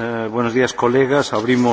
Eh, buenos días, colegas. Abrimos.